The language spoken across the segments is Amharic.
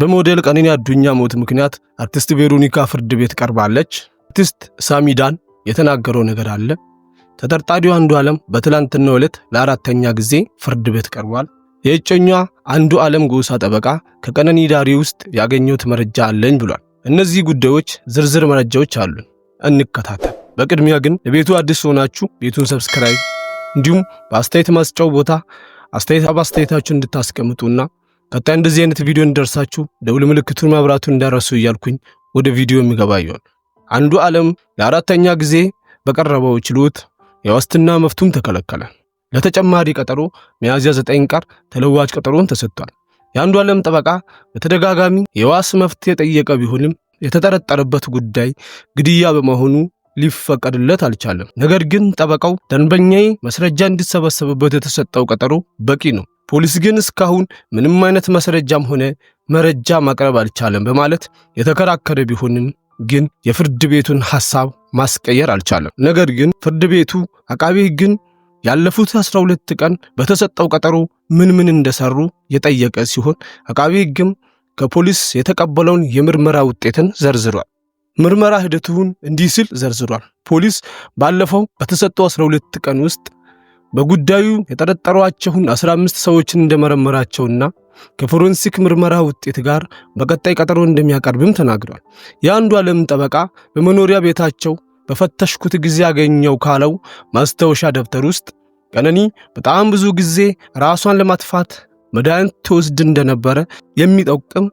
በሞዴል ቀነኒ አዱኛ ሞት ምክንያት አርቲስት ቬሮኒካ ፍርድ ቤት ቀርባለች። አርቲስት ሳሚዳን የተናገረው ነገር አለ። ተጠርጣሪው አንዱ ዓለም በትላንትናው ዕለት ለአራተኛ ጊዜ ፍርድ ቤት ቀርቧል። የእጮኛዋ አንዱ ዓለም ጎሳ ጠበቃ ከቀነኒ ዳሪ ውስጥ ያገኘሁት መረጃ አለኝ ብሏል። እነዚህ ጉዳዮች ዝርዝር መረጃዎች አሉን፣ እንከታተል። በቅድሚያ ግን ለቤቱ አዲስ ሆናችሁ ቤቱን ሰብስክራይብ እንዲሁም በአስተያየት ማስጫው ቦታ አስተያየት አስተያየታችሁን እንድታስቀምጡና ቀጣይ እንደዚህ አይነት ቪዲዮ እንደርሳችሁ ደውል ምልክቱን ማብራቱን እንዳረሱ እያልኩኝ ወደ ቪዲዮ የሚገባ ይሆን። አንዱ ዓለም ለአራተኛ ጊዜ በቀረበው ችሎት የዋስትና መፍቱም ተከለከለ። ለተጨማሪ ቀጠሮ ሚያዝያ 9 ቀር ተለዋጭ ቀጠሮን ተሰጥቷል። የአንዱ ዓለም ጠበቃ በተደጋጋሚ የዋስ መፍት የጠየቀ ቢሆንም የተጠረጠረበት ጉዳይ ግድያ በመሆኑ ሊፈቀድለት አልቻለም። ነገር ግን ጠበቃው ደንበኛዬ መስረጃ እንዲሰበሰብበት የተሰጠው ቀጠሮ በቂ ነው ፖሊስ ግን እስካሁን ምንም አይነት ማስረጃም ሆነ መረጃ ማቅረብ አልቻለም በማለት የተከራከረ ቢሆንም ግን የፍርድ ቤቱን ሐሳብ ማስቀየር አልቻለም። ነገር ግን ፍርድ ቤቱ አቃቤ ሕግን ያለፉት 12 ቀን በተሰጠው ቀጠሮ ምን ምን እንደሰሩ የጠየቀ ሲሆን አቃቤ ሕግም ከፖሊስ የተቀበለውን የምርመራ ውጤትን ዘርዝሯል። ምርመራ ሂደቱን እንዲህ ሲል ዘርዝሯል። ፖሊስ ባለፈው በተሰጠው 12 ቀን ውስጥ በጉዳዩ የጠረጠሯቸውን 15 ሰዎችን እንደመረመራቸውና ከፎረንሲክ ምርመራ ውጤት ጋር በቀጣይ ቀጠሮ እንደሚያቀርብም ተናግሯል። የአንዱ ዓለም ጠበቃ በመኖሪያ ቤታቸው በፈተሽኩት ጊዜ ያገኘው ካለው ማስታወሻ ደብተር ውስጥ ቀነኒ በጣም ብዙ ጊዜ ራሷን ለማጥፋት መድኃኒት ትወስድ እንደነበረ የሚጠቅም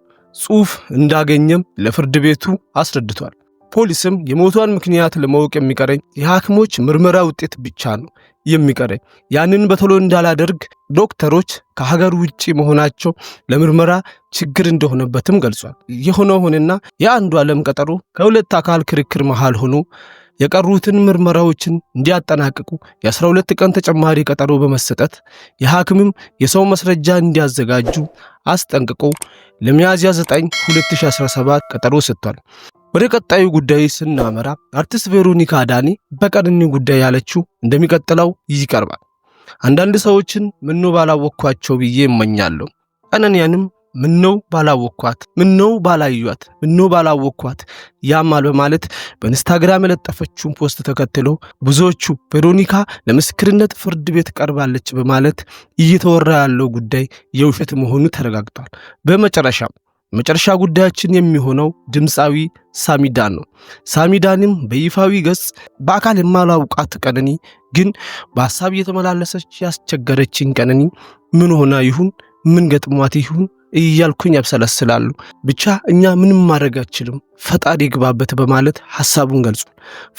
ጽሑፍ እንዳገኘም ለፍርድ ቤቱ አስረድቷል። ፖሊስም የሞቷን ምክንያት ለማወቅ የሚቀረኝ የሐኪሞች ምርመራ ውጤት ብቻ ነው የሚቀረኝ። ያንን በቶሎ እንዳላደርግ ዶክተሮች ከሀገር ውጭ መሆናቸው ለምርመራ ችግር እንደሆነበትም ገልጿል። የሆነ ሆነና የአንዱ ዓለም ቀጠሮ ከሁለት አካል ክርክር መሃል ሆኖ የቀሩትን ምርመራዎችን እንዲያጠናቅቁ የ12 ቀን ተጨማሪ ቀጠሮ በመሰጠት የሐኪምም የሰው ማስረጃ እንዲያዘጋጁ አስጠንቅቆ ለሚያዝያ 9 2017 ቀጠሮ ሰጥቷል። ወደ ቀጣዩ ጉዳይ ስናመራ አርቲስት ቬሮኒካ አዳኒ በቀነኒ ጉዳይ ያለችው እንደሚቀጥለው ይቀርባል። አንዳንድ ሰዎችን ምነው ባላወቅኳቸው ብዬ እመኛለሁ። ቀነኒያንም ምነው ባላወቅኳት፣ ምነው ባላዩት፣ ምነው ባላወቅኳት ያማል በማለት በኢንስታግራም የለጠፈችውን ፖስት ተከትሎ ብዙዎቹ ቬሮኒካ ለምስክርነት ፍርድ ቤት ቀርባለች በማለት እየተወራ ያለው ጉዳይ የውሸት መሆኑ ተረጋግጧል። በመጨረሻም መጨረሻ ጉዳያችን የሚሆነው ድምፃዊ ሳሚዳን ነው። ሳሚዳንም በይፋዊ ገጽ በአካል የማላውቃት ቀነኒ ግን በሀሳብ እየተመላለሰች ያስቸገረችን ቀነኒ ምን ሆና ይሁን ምን ገጥሟት ይሁን እያልኩኝ ያብሰለስላሉ። ብቻ እኛ ምንም ማድረግ አችልም፣ ፈጣሪ ይግባበት በማለት ሀሳቡን ገልጿል።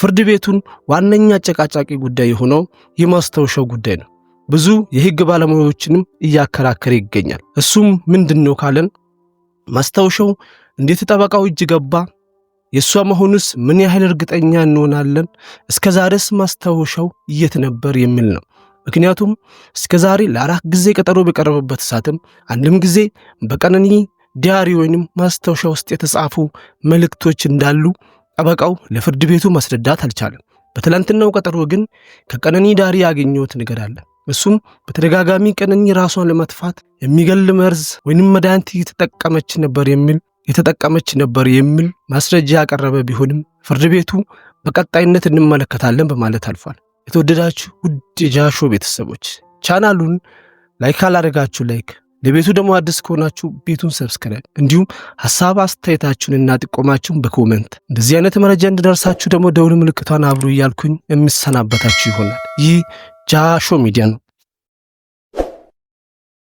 ፍርድ ቤቱን ዋነኛ አጨቃጫቂ ጉዳይ የሆነው የማስታወሻው ጉዳይ ነው። ብዙ የህግ ባለሙያዎችንም እያከራከረ ይገኛል። እሱም ምንድን ነው ካለን ማስታወሻው እንዴት ጠበቃው እጅ ገባ? የእሷ መሆኑስ ምን ያህል እርግጠኛ እንሆናለን? እስከ ዛሬስ ማስታወሻው የት ነበር የሚል ነው። ምክንያቱም እስከ ዛሬ ለአራት ጊዜ ቀጠሮ በቀረበበት ሰዓትም አንድም ጊዜ በቀነኒ ዲያሪ ወይንም ማስታወሻ ውስጥ የተጻፉ መልእክቶች እንዳሉ ጠበቃው ለፍርድ ቤቱ ማስረዳት አልቻለም። በትላንትናው ቀጠሮ ግን ከቀነኒ ዳሪ ያገኘሁት ነገር አለ። እሱም በተደጋጋሚ ቀነኒ ራሷን ለመጥፋት የሚገል መርዝ ወይንም መድኃኒት እየተጠቀመች ነበር የሚል የተጠቀመች ነበር የሚል ማስረጃ ያቀረበ ቢሆንም ፍርድ ቤቱ በቀጣይነት እንመለከታለን በማለት አልፏል። የተወደዳችሁ ውድ የጃሾ ቤተሰቦች ቻናሉን ላይክ አላደረጋችሁ ላይክ፣ ለቤቱ ደግሞ አዲስ ከሆናችሁ ቤቱን ሰብስክራይብ፣ እንዲሁም ሀሳብ አስተያየታችሁንና ጥቆማችሁን በኮመንት እንደዚህ አይነት መረጃ እንዲደርሳችሁ ደግሞ ደውል ምልክቷን አብሮ እያልኩኝ የምሰናበታችሁ ይሆናል ይህ চারশো আসো মিডিয়ান